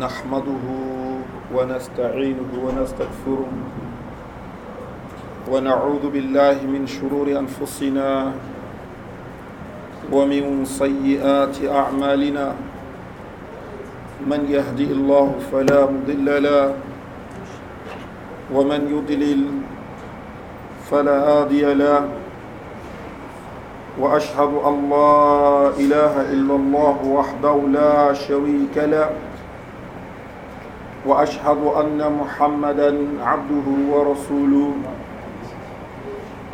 نحمده ونستعينه ونستغفره ونعوذ بالله من شرور أنفسنا ومن سيئات أعمالنا من يهدي الله فلا مضل له ومن يضلل فلا هادي له واشهد ان لا اله الا الله وحده لا شريك له واشهد ان محمدا عبده ورسوله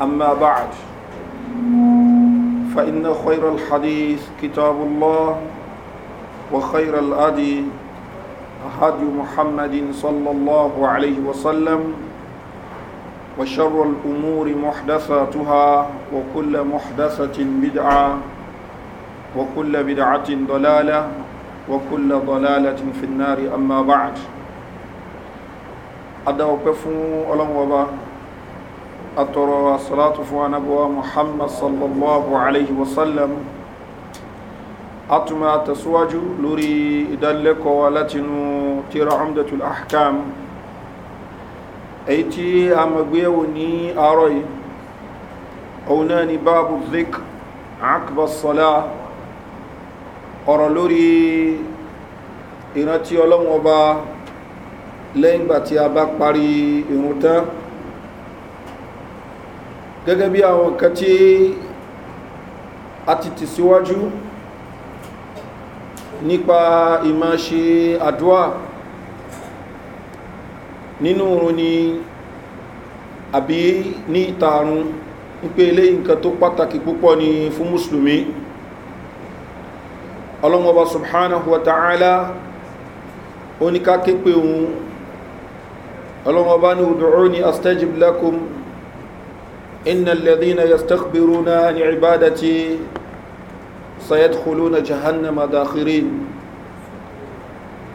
اما بعد فان خير الحديث كتاب الله وخير الادي هدي محمد صلى الله عليه وسلم وشر الامور محدثاتها وكل محدثه بدعه وكل بدعه ضلاله وكل ضلاله في النار اما بعد adá ọpẹ́ fún ọlọ́run ọba atọrọ asọ́látù fún anábọ́wá muhammad sallallahu alayhi wa sallam atuma tẹ̀síwájú lórí ìdánilẹ́kọ̀ọ́ látinú tíra umdatul ahkam èyí tí a mọ̀gbéyàwó ní àárọ̀ yìí òun náà ni báàbù zik akbar ọ̀rọ̀ lórí ìrántí ọlọ́run lẹ́yìn ìgbà tí a bá parí irun tán gẹ́gẹ́ bí àwọn nǹkan tí a ti tì síwájú nípa ìmọ̀ ṣe àdúwà nínú oorun ni àbí ní ìtaarun wípé ilé nǹkan tó pàtàkì púpọ̀ ni fún musulmi ọlọ́mọba subhanahu wa ta'ala oníká képe ohun ọlọ́wọ́n bá ní ọdún ní astajib lakum inna lalzina ya stakbiru na ni ibadati sayed kulu na jahannama dakhirin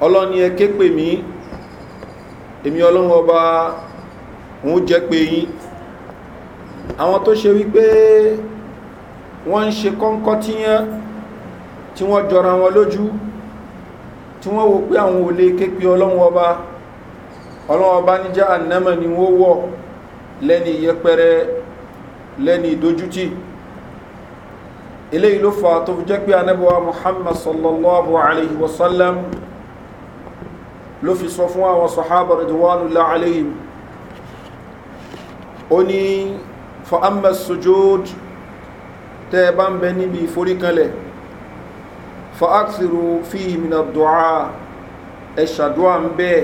ọlọ́ni ẹ ké pè mí èmi ọlọ́wọ́n bá ń jẹ́ pé yín àwọn tó ṣe wípé wọ́n ń ṣe kọ́ńkọ́ tíyán tí wọ́n jọra wọn lójú tí wọ́n wo pé àwọn ò lè ké bá ọlọ́wọ́ bá ní já ànámà ni wó wọ́ lẹ́ni yẹpẹrẹ lẹ́ni ìdójútì ilé ìlú fa tó fi jẹ́ pé anábọ̀wá muhammad sallallahu alayhi wa sallam ló fi sọ fún àwọn sọ̀hábà rẹ̀dùwánu láàlẹ́yìn ó ní fa'amma sujud tẹ́ bá ń bẹ níbi ìforíkanlẹ̀ fa'aksiru fi ìmìnà dùá ẹ̀ṣàdùá ń bẹ́ẹ̀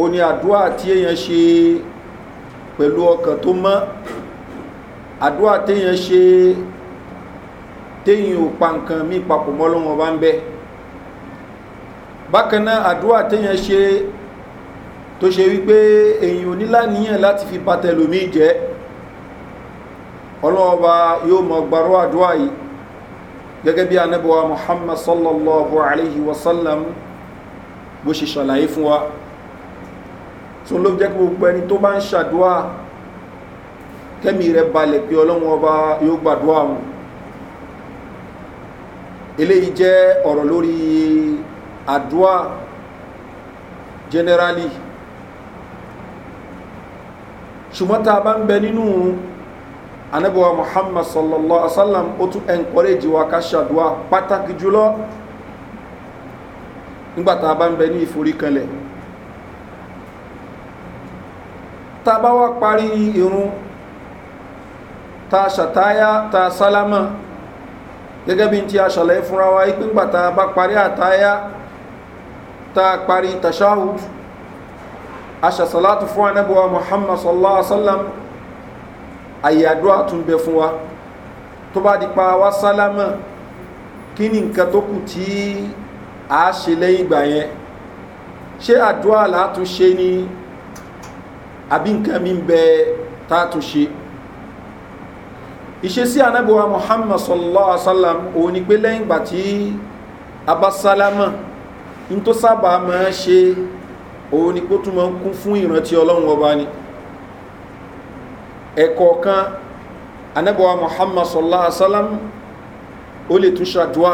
ó ní àdúrà tí èèyàn ṣe pẹ̀lú ọkàn tó mọ́ àdúrà téèyàn ṣe téèyàn ò pa nǹkan mí papọ̀ mọ́ lọ́wọ́n bá ń bẹ́ bákan náà àdúrà téèyàn ṣe tó ṣe wípé èyàn ò níláníyàn láti fi pàtẹlòmí jẹ́ ọlọ́ọba yóò mọ̀ gbàrọ́ àdúrà yìí gẹ́gẹ́ bí anábọ̀wá muhammad sallallahu alayhi wa sallam bó ṣe ṣàlàyé fún wa so ló jẹ́ gbogbo ẹni tó bá ń ṣàdúà kẹ́mi rẹ̀ balẹ̀ pé ọlọ́run ọba yóò gbàdúà wọn eléyìí jẹ́ ọ̀rọ̀ lórí àdúà generally ṣùgbọ́n tá a bá ń bẹ nínú anabiwa muhammad sallallahu alaihi wasallam sallam ó tún encourage wa ká ṣàdúà pàtàkì jùlọ nígbà tá a bá ń bẹ ní ìforíkanlẹ̀ ta bá wá parí irun ta ṣàtáyá ta sálámà gẹ́gẹ́ bí ti aṣàlẹ̀ fúnra wa ìpínpà ta bá parí àtáyá ta parí tashahud aṣàṣàlátù fún anábọ̀wà muhammad sallallahu alaihi wasallam àyàdó àtúnbẹ fún wa tó bá di pa wá sálámà kí ni nǹkan tó kù tí a ṣe lẹ́yìn ìgbà yẹn ṣé àdúrà látúnṣe ni àbí nǹkan mi ń bẹ tààtù ṣe ìṣesí anábíwá muhammad sallallahu alaihi wasallam òun ni pé lẹ́yìn ìgbà tí abasalama n tó sábà máa ṣe òun ni pé tó máa ń kún fún ìrántí ọlọ́run ọba ni ẹ̀kọ̀ kan anábíwá muhammad sallallahu alaihi wasallam ó lè tún ṣàdúà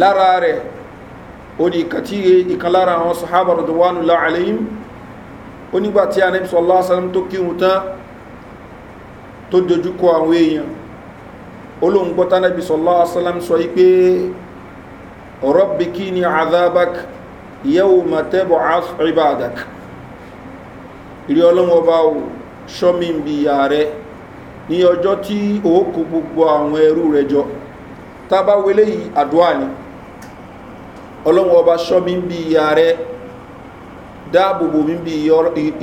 lára rẹ̀ ó ní ìkàtí ìkan lára àwọn sahaba rọ̀dọ̀wánu láàrín onígbà tí anabi sọlá asalam tó kírun tán tó dojúkọ àwọn èèyàn olóhùn gbọ́tá anabi sọlá sọ yìí pé ọ̀rọ̀ bìkí ni azabak yẹ́wò màtẹ́bọ̀ ibadak ìrí ọlọ́wọ́ bá o bi rẹ ní ọjọ́ tí òókù gbogbo àwọn ẹrú rẹ jọ tábà yìí àdúrà ni ọlọ́wọ́ bá bi dáàbòbò mi bí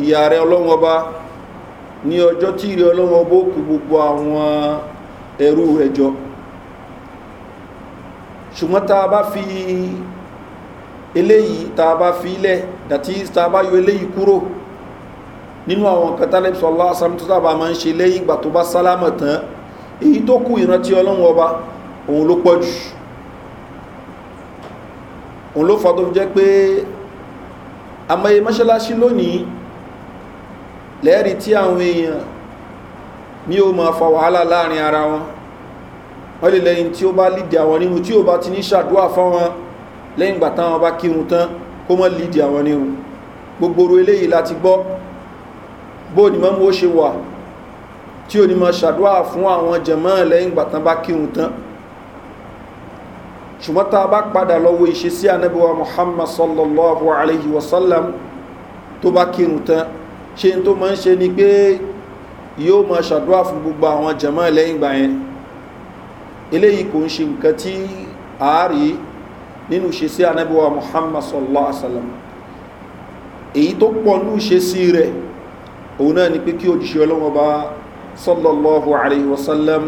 ìyá rẹ ọlọ́wọ́n ọba ní ọjọ́ tí ìrẹ ọlọ́wọ́n ọba ó kú gbogbo àwọn ẹrú rẹ jọ ṣùgbọ́n tá a bá fi eléyìí tá a bá fi ilẹ̀ dàtí tá a bá yọ eléyìí kúrò nínú àwọn katalib sọlá asamtútà bá máa ń ṣe lẹ́yìn ìgbà tó bá sálámọ̀ tán èyí tó kú ìrántí ọlọ́run ọba òun ló pọ̀ òun ló fa tó fi jẹ́ pé àmọ́ye mọ́ṣáláṣí lónìí lẹ́ẹ̀rí tí àwọn èèyàn ní o ma fa wàhálà láàrin ara wọn wọ́n lè lẹ́yìn tí ó bá lìdí àwọn nínú tí ó bá ti ní ṣàdúwà fáwọn lẹ́yìn gbà táwọn bá kírun tán kó mọ́ lìdí àwọn nínú gbogboro eléyìí láti gbọ́ bó ní mọ́ mú ó ṣe wà tí ó ní mọ́ ṣàdúwà fún àwọn jẹ̀mọ́ lẹ́yìn gbà bá kírun tán ṣùgbọ́n tá a bá padà lọ́wọ́ ìṣesí anábíwá muhammad sallallahu alayhi wa sallam tó bá kírun tán ṣe tó máa ń ṣe ni pé yóò máa ṣàdúrà fún gbogbo àwọn jama lẹ́yìn gbà yẹn eléyìí kò ń ṣe nǹkan tí ààrí nínú ìṣesí anábíwá muhammad sallallahu alayhi wa sallam èyí tó pọ̀ ní ìṣesí rẹ̀ òun náà ni pé kí òjìṣẹ́ ọlọ́wọ́ bá sallallahu alayhi wa sallam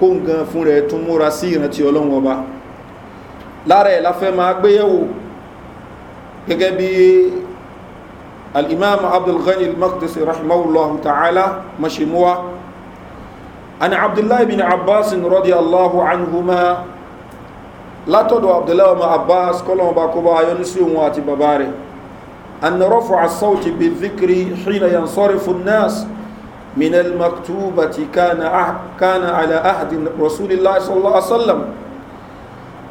kó nǹkan fún rẹ̀ tún múra sí ìrántí ọlọ́wọ́ bá lára ẹ̀ láfẹ́ máa gbéyẹ̀wò gẹ́gẹ́ bí al'imam abdulghani al-maqdisi rahimahullahu ta'ala mashimuwa an abdullahi bin abbasin radiyallahu anhuma látọ̀dọ̀ abdullahi bin abbas kọlọ̀wọ̀n bá kó bá yọ́n sí òun àti bàbá rẹ̀ an rọ́fọ̀ asauti bí zikiri ṣína yan sọ́rí fún nas min al-maktubati kana ah, ala ahadin rasulillah sallallahu alaihi wasallam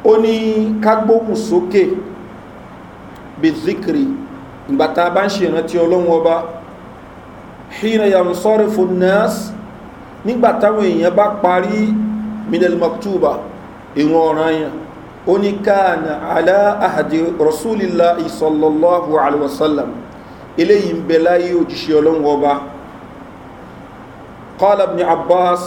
ó ní kágbóhùn sókè bezikri ìgbàta bá ń ṣe ìrántí ọlọ́run ọba hìnà yàrùn sọ́rẹ̀ fún nurse nígbàtàwọn èèyàn bá parí minel maktuba ìwọ̀n ọ̀ràn yàn ó ní káàna alá àhàdì rasulilá ìsọ̀lọ́lọ́hu alwasallam eléyìí ń bẹ láyé òjìṣẹ́ ọlọ́run ọba kọ́lá ibn abbas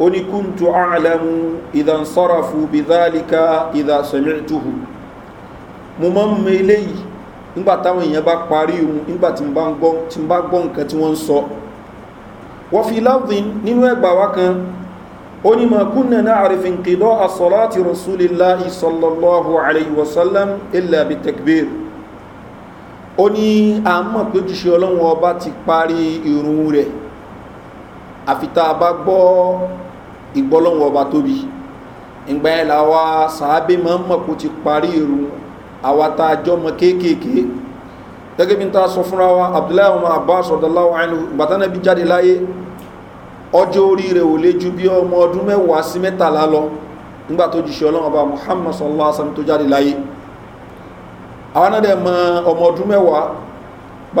oni kuntu alamu idan sarafu bi dhalika idha sami'tuhu mo ma mo eleyi ngba táwọn èèyàn bá parí ohun nígbà tí n bá gbọ́ nǹkan tí wọ́n ń sọ wọ́n fi láwùdín nínú ẹgbà wá kan ó ní ma kúnnà náà àrífin kìdọ́ àsọ̀lá ti rasulillah alayhi wa sallam ilẹ̀ abi takbir ó ní a mọ̀ pé jíṣẹ́ ọlọ́run ọba ti parí irun rẹ̀ àfitá bá gbọ́ ìgbọ́lọ́wọ́ ọba tóbi ìgbà yẹn làwa sàábé ma ń mọ̀ kó ti parí irun àwa tá a kéékèèké gẹ́gẹ́ bí fúnra wa abdullahi ọmọ abbas ọ̀dọ́láwọ̀ àìlú gbàtánà bí jáde láyé ọjọ́ orí rẹ̀ ò lé ju bí ọmọ ọdún mẹ́wàá sí mẹ́tàlá lọ nígbà tó jíṣẹ́ ọlọ́run ọba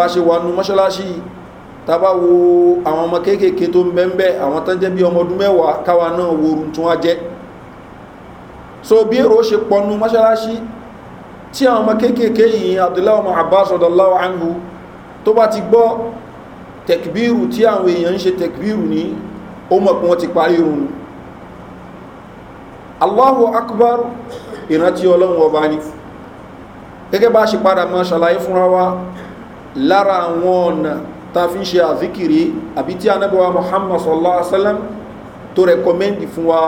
àwọn tàbá wo àwọn ọmọ kéékèèké tó ń bẹ́ńbẹ́ àwọn tán jẹ́ bí ọmọ ọdún mẹ́wàá káwa náà woru tún wá jẹ́ so bí èrò ṣe pọnu mọ́ṣáláṣí tí àwọn ọmọ kéékèèké yìí abdullahi ọmọ abbas ọ̀dọ̀láwà anhu tó bá ti gbọ́ tẹ̀kbíru tí àwọn èèyàn ń ṣe tẹ̀kbíru ní ó mọ̀ pé wọ́n ti parí irun allahu akbar ìrántí ọlọ́run ọba ni gẹ́gẹ́ bá ṣe padà mọ́ lára àwọn ọ̀nà ta fi ń ṣe àzíkiri àbí tí anábọ̀wá muhammad sallallahu alaihi wasallam tó rẹ̀kọ́mẹ́ndì fún wa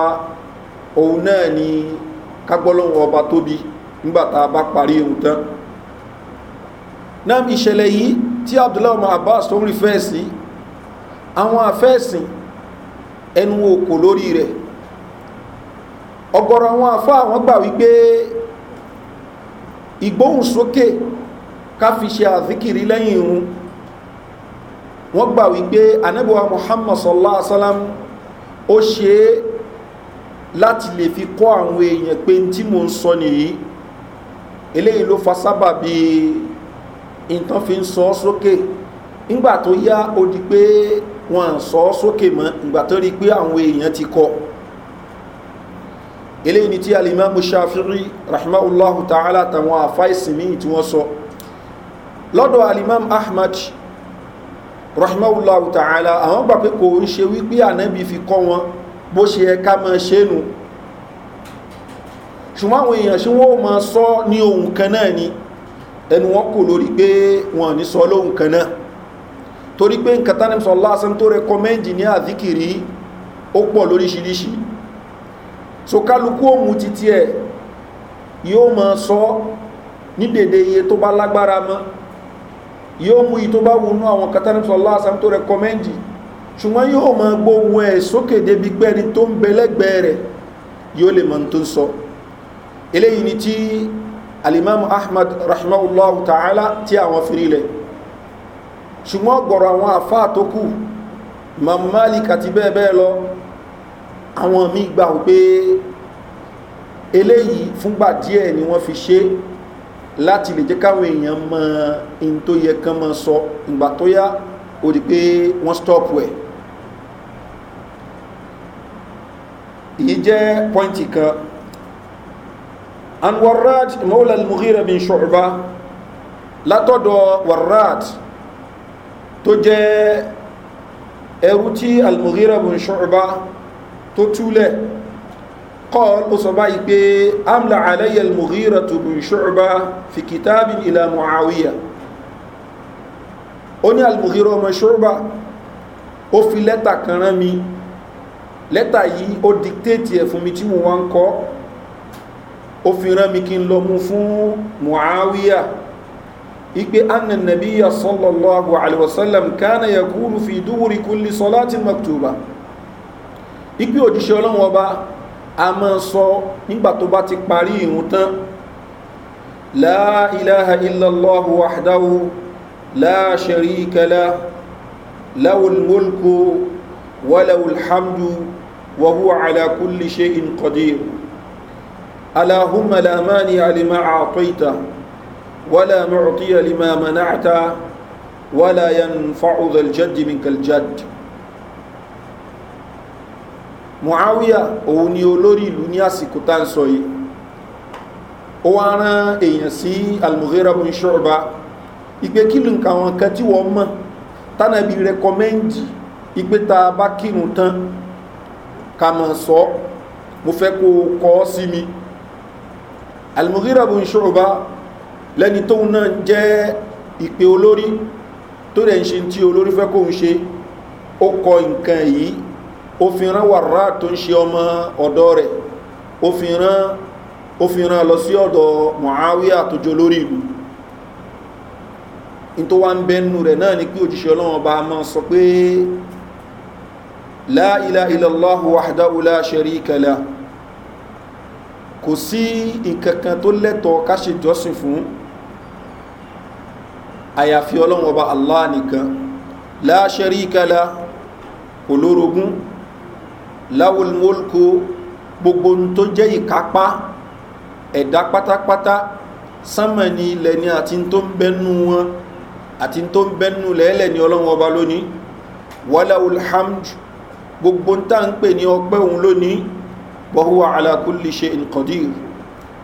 òun náà ni ọba tóbi nígbàtà bá parí ohun tán náà ìṣẹ̀lẹ̀ yìí tí abdullahi ọmọ abbas tó ń rí fẹ́ẹ̀sì àwọn afẹ́ẹ̀sìn ẹnu òkò lórí rẹ̀ ọgọ́rọ̀ àwọn afá àwọn gbà wípé ìgbóhùn fi ṣe lẹ́yìn wọ́n gbà wípé anábíwá muhammad sallá alaihi wasallam ó ṣe é láti lè fi kọ́ àwọn èèyàn pé tí mo ń sọ nìyí eléyìí ló fa sábà bí nǹkan fi ń sọ ọ́ sókè ńgbà tó yá ó di pé wọn ń sọ ọ́ sókè mọ́ ńgbà tó rí pé àwọn èèyàn ti kọ́ eléyìí ni tí alimami shafi'i rahmaulahu ta'ala tàwọn àfáìsìn míì tí wọ́n sọ lọ́dọ̀ alimami ahmad rahimahullahu ta'ala àwọn gbà pé kò ń ṣe wípé ànábì fi kọ́ wọn bó ṣe ẹka máa ṣe nù ṣùgbọ́n àwọn èèyàn ṣe wọ́n máa sọ ní ohun kan náà ni ẹnu wọn kò lórí pé wọn ní sọ lóhun kan náà torí pé nǹkan tánà sọ lásán tó rẹkọmẹ́ndì ní àzíkìrí ó pọ̀ lóríṣiríṣi so kálukú òmù títí ẹ̀ yóò máa sọ ní dèdè iye tó bá lágbára mọ́ yóò mú ìtó bá wùnú àwọn katanipsọ lásán tó rẹkọmẹ́ndì ṣùgbọ́n yóò mọ gbóhun ẹ̀ sókè débi gbẹ́ni tó ń bẹ̀lẹ́gbẹ́ rẹ̀ yóò lè mọ̀ tó ń sọ eléyìí ni tí alimam ahmad rahimahullah ta'ala tí àwọn fi rílẹ̀ ṣùgbọ́n gbọ̀rọ̀ àwọn àfáà tó kù mamalik àti bẹ́ẹ̀ bẹ́ẹ̀ lọ àwọn míì gbà wípé eléyìí fúngbà díẹ̀ ni wọ́n fi ṣe é láti lè jẹ́ káwọn èèyàn mọ in tó yẹ kán mọ sọ ìgbà tó yá ó di pé wọ́n stop ẹ̀ èyí jẹ́ pọ́ìntì kan an warrad maula al-mughira bin shu'ba látọ̀dọ̀ warrad tó jẹ́ ẹrú al-mughira bin shu'ba tó túlẹ̀ قال أصبعي بي أملى علي المغيرة بن شعبة في كتاب إلى معاوية أني المغيرة بن شعبة وفي لتا كرامي lẹ́tà yìí ó dìktéètì ẹ̀ fún mi tí mo wá ń kọ́ ó fi rán mi kí n lọ mú fún muawiya ipe anna nabiya sallallahu alaihi wasallam kana ya kúrú fi dúwúrí kúlí sọláti maktuba ipe òjíṣẹ́ ọlọ́wọ́ ọba a máa sọ nígbà tó bá ti parí ìrún tán láìláha illallahu wahdahu láṣẹ̀rí ìkẹlá láwùlmọ́lùkù wàláwùlhamdu wàhú àlàkùnlé ṣe in kọdíru aláhùnmà lámání alìmá àtọ́ìta wàlá mọ̀rọ̀tíyà lima mana'ata wàlá yan fa'udal jaddi min kaljaddi muawiya òun ni olórí ìlú ní àsìkò tá ń sọ yìí ó wá rán èèyàn sí almuhera bin ṣọ́ọ̀bá ìgbé kí ló ń ka àwọn kan tí wọ́n mọ̀ tánàbí rẹkọmẹ́ǹdì ìgbé ta bá kírun tán ká mọ̀ sọ mo fẹ́ kó kọ́ sí mi almuhera ṣọ́ọ̀bá lẹ́ni tóun náà jẹ́ ìpè olórí tó rẹ̀ ń ṣe tí olórí fẹ́ kóun ṣe ó kọ nǹkan yìí òfin rán wàrà tó ń ṣe ọmọ ọ̀dọ́ rẹ̀ òfin rán òfin rán lọ sí ọ̀dọ̀ mọ̀háwíà tó jọ lórí ìlú in tó wá ń bẹ́nu rẹ̀ náà ni pé òjíṣẹ́ ọlọ́run ọba máa sọ pé láìlá ilẹ̀lọ́hù wàhálà ṣẹ̀rí ìkẹlẹ̀ kò sí ìkankan tó lẹ́tọ̀ọ́ káṣe jọ́sìn fún àyàfi ọlọ́run ọba nìkan láṣẹ̀rí ìkẹlẹ̀ olórogún láwùl mọ́lùkù gbogbo tó jẹ́ ìkápá ẹ̀dá pátápátá sánmà ní ilẹ̀ ni àti tó ń bẹ́nu wọn àti tó ń bẹ́nu lẹ́ẹ̀lẹ̀ ni ọlọ́run ọba lónìí wàláwùl hamdu gbogbo tá ń pè ní ọpẹ́ òun lónìí bọ́húwà alákùnlé ṣe nǹkan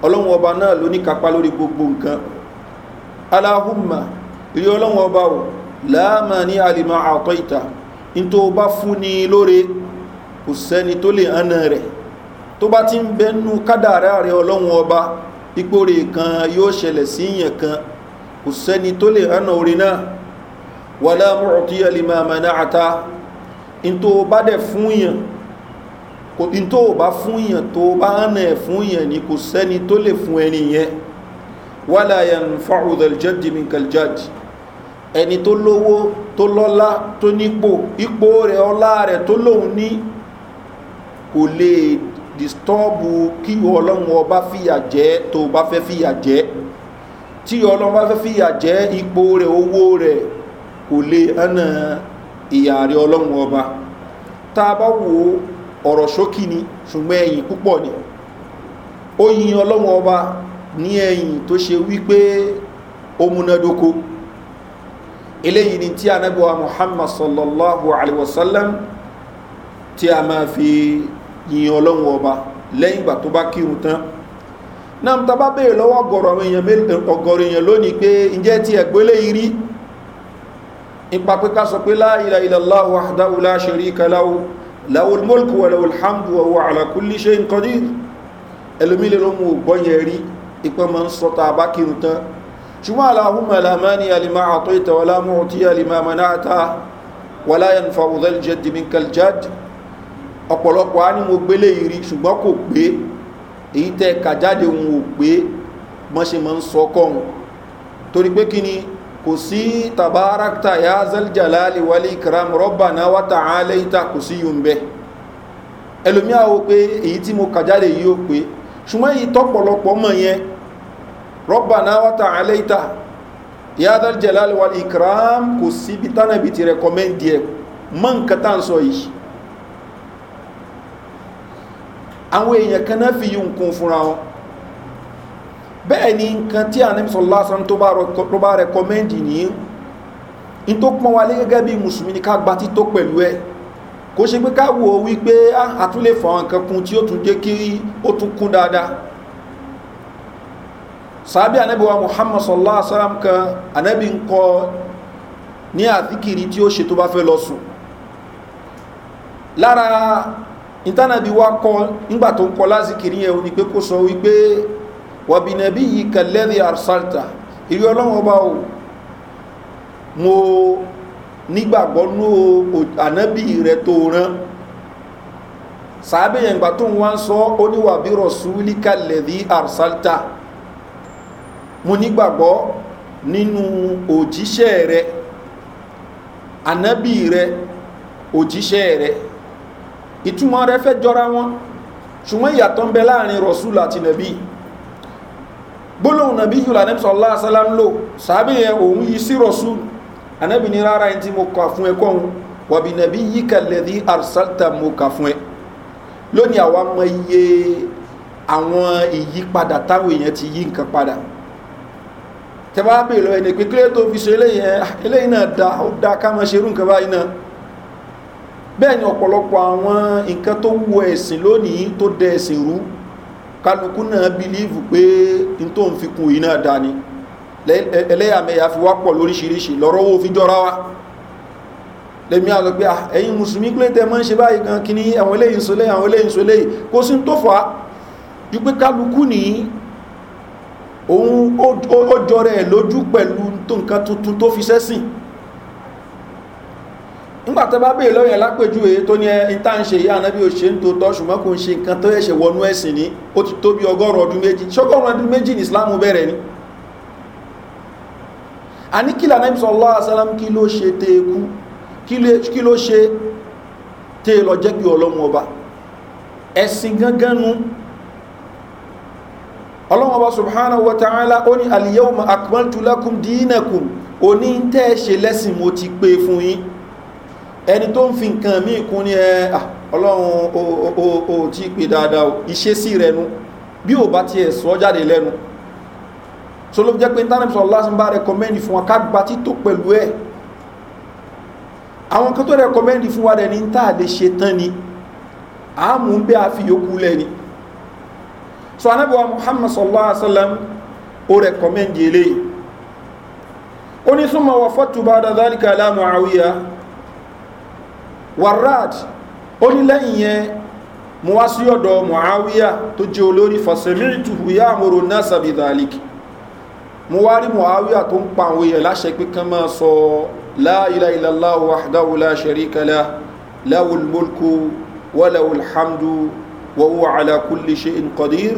ọlọ́run ọba náà ló ní kápá lórí gbogbo nǹkan aláhùnmá ilé ọlọ́run ọba ò láàmà ní alìmọ̀ àtọ́ ìta ní tó bá fún ni lóore kò sẹ́ni tó lè hànà rẹ̀ tó bá ti ń bẹnu kádàrá rẹ̀ ọlọ́run ọba pípòrè kan yóò ṣẹlẹ̀ sí yẹn kan kò sẹ́ni tó lè hànà orí náà wà láàmúrò tí alìmọ̀ àmàna àta in tó bá dẹ̀ fún yẹn kò in bá fún yẹn tó bá hànà ẹ̀ fún yẹn ni kò sẹ́ni tó lè fún ẹni yẹn wà láyàn fáwùdàljẹ́dì mi kàljẹ́dì ẹni tó lówó tó lọ́lá tó nípò ipò rẹ̀ ọlá rẹ̀ tó lóun ní kò lè dìstọ́ọ̀bù kí ọlọ́run ọba fìyà jẹ́ tó bá fẹ́ fìyà jẹ́ tí ọlọ́run bá fẹ́ fìyà jẹ́ ipò rẹ̀ owó rẹ̀ kò lè hànà ọlọ́run ọba tá bá wo ọ̀rọ̀ ṣókí ni ṣùgbọ́n ẹ̀yìn púpọ̀ ni ó yin ọlọ́run ọba ní ẹ̀yìn tó ṣe wípé ó ni tí anábíwá muhammad sallallahu alaihi wasallam a máa fi yin ọlọ́run ọba lẹ́yìn ìgbà tó bá kírun tán náà ta bá bèèrè lọ́wọ́ ọgọ̀rọ̀ àwọn èèyàn ọgọ̀rọ̀ èèyàn lónìí pé ǹjẹ́ ti ẹ̀gbélé irí ipa pé ká sọ pé láìlà ìlàlá wàhdáwù láṣẹ̀rí ìkàláwù láwùl mọ́lùkù wà láwùl hàmdù ọwọ́ àlàkúlí ṣe nǹkan ní ẹlòmílẹ̀ ló mú gbọ́nyẹ̀ rí ipa ma ń sọ tàbá kírun tán ṣùgbọ́n aláhùn alamani ọ̀pọ̀lọpọ̀ á ní mo gbélé ìrí ṣùgbọ́n kò gbé èyí tẹ́ ẹ̀ka jáde òun ò gbé wọ́n mọ́ ń sọ kọ́hun torí pé kí ni kò sí tàbáráktà ya zaljalá lè wálé ìkram rọ́bà náà wátà álẹ́ ìta kò sí yóò ń bẹ́ ẹlòmíà ó pé èyí tí mo kà jáde pé ṣùgbọ́n èyí tọ́pọ̀lọpọ̀ mọ̀ yẹn rọ́bà náà wátà álẹ́ ìta ya zaljalá lè wálé ìkram kò sí bí tánàbì ti rẹ̀kọ́mẹ́ndì ẹ̀ mọ́ nǹkan tá à ń sọ yìí àwọn èèyàn kan náà fi yí nǹkan fúnra wọn bẹ́ẹ̀ ni nǹkan tí àníbìsọ̀ lásán tó bá rẹkọmẹ́ndì nìyí in tó pọ́n wálé gẹ́gẹ́ bí musulmi ní ká gba tító pẹ̀lú ẹ kó ṣe pé ká wo wípé àtúnlé ah, fọ àwọn nǹkan tí ó tún jẹ́ kí ó tún kún dáadáa muhammad sallallahu alaihi wasallam kan anábí ń kọ ní àfikiri tí ìtànàbí wá kọ nígbà tó ń kọ lásìkiri yẹn ni pé kó sọ wípé wàbìnàbí yìí kẹlẹ́rì arsalta ìrí ọlọ́wọ́ bá o mo nígbàgbọ́ ní ànábì rẹ tó rán sàábẹ̀ yẹn gbà tó ń wá ń sọ ó ní wàbí rọ̀súlì kẹlẹ́rì arsalta mo nígbàgbọ́ nínú òjíṣẹ́ rẹ ànábì rẹ òjíṣẹ́ rẹ ìtumọ̀ rẹ̀ fẹ́ jọra wọn ṣùgbọ́n ìyàtọ̀ ń bẹ láàrin rọ̀súlù àti nàbí gbólóhùn nàbí yìí lànàbí sọ̀lá àsálàm lò sàábì yẹn òun yìí sí rọ̀súlù anábì ní rárá ẹni tí mo kà fún ẹ kọ́ wàbí nàbí yìí kalẹ̀ ní arsalta mo kà fún ẹ lónìí àwa mọ iye àwọn ìyípadà táwọn èèyàn ti yí nǹkan padà tẹ́wàá bèèrè lọ ẹni pé kílẹ̀ tó fi ṣe eléyìí ah, náà dá ká mọ́ ṣerú nǹkan báyìí náà bẹ́ẹ̀ ni ọ̀pọ̀lọpọ̀ àwọn nǹkan tó wọ ẹ̀sìn lónìí tó dẹ ẹ̀sìn rú kálukú náà bílíìfù pé n tó ń fi kun yìí náà dání ẹlẹ́yàmẹ̀yà fi wá pọ̀ lóríṣiríṣi lọ́rọ́ owó fi jọra wa lèmi àlọ́gbé ẹ̀yin musulmi kílé tẹ́ mọ́ ń ṣe báyìí kan kí ní àwọn eléyìn sólé ńgbàtọ́ bá bèèrè lọ́yìn lápèjúwe tó ní ìta ń ṣe ìyá anábí òṣè ń tó tọ́ ṣùgbọ́n kò ń ṣe nǹkan tó ẹ̀ṣẹ̀ wọnú ẹ̀sìn ní ó ti tó bí ọgọ́rùn ọdún méjì ṣọ́gọ́rùn ọdún méjì ní islam bẹ̀rẹ̀ ni a ní kí lànà ìbísọ̀ allah asalam kí ló ṣe tẹ ikú kí ló ṣe tẹ wa ta'ala ó ní àlìyẹ́wò akmaltulakum dínàkùn òní tẹ́ ṣe lẹ́sìn mo ti ẹni tó ń fi nǹkan míì kún ní ẹ eh, ah, ọlọ́run o tí pè dáadáa ìṣesí rẹ̀ nu bí ò bá tiẹ̀ sọ jáde lẹ́nu so ló jẹ́ pé internet sọ lásán bá rẹkọmẹ́ndì fún wa ká gba títò pẹ̀lú ẹ̀ àwọn kan tó rẹkọmẹ́ndì fún wa rẹ̀ ní tá a lè ṣe tán ni àmú ń bẹ́ a yókù lẹ́ni so anábíwá muhammad sallallahu alaihi wasallam ó rẹkọmẹ́ndì eléyìí ó ní súnmọ́ wà fọ́tù bá dáadáa ní kàlámù àwíyá warad ó ní lẹ́yìn yẹn mo wá sí ọ̀dọ̀ muawiya tó jẹ́ olórí fasemitu ya amoro nasa bidalik mo wá rí muawiya tó ń pa àwọn èèyàn láṣẹ pé kán máa sọ láìlá ìlàlá wàhdáwùlá ṣeríkàlá láwùlmọ́lkù wàláwùlhámdù wàhùwà alákùnlé ṣe ìkọdír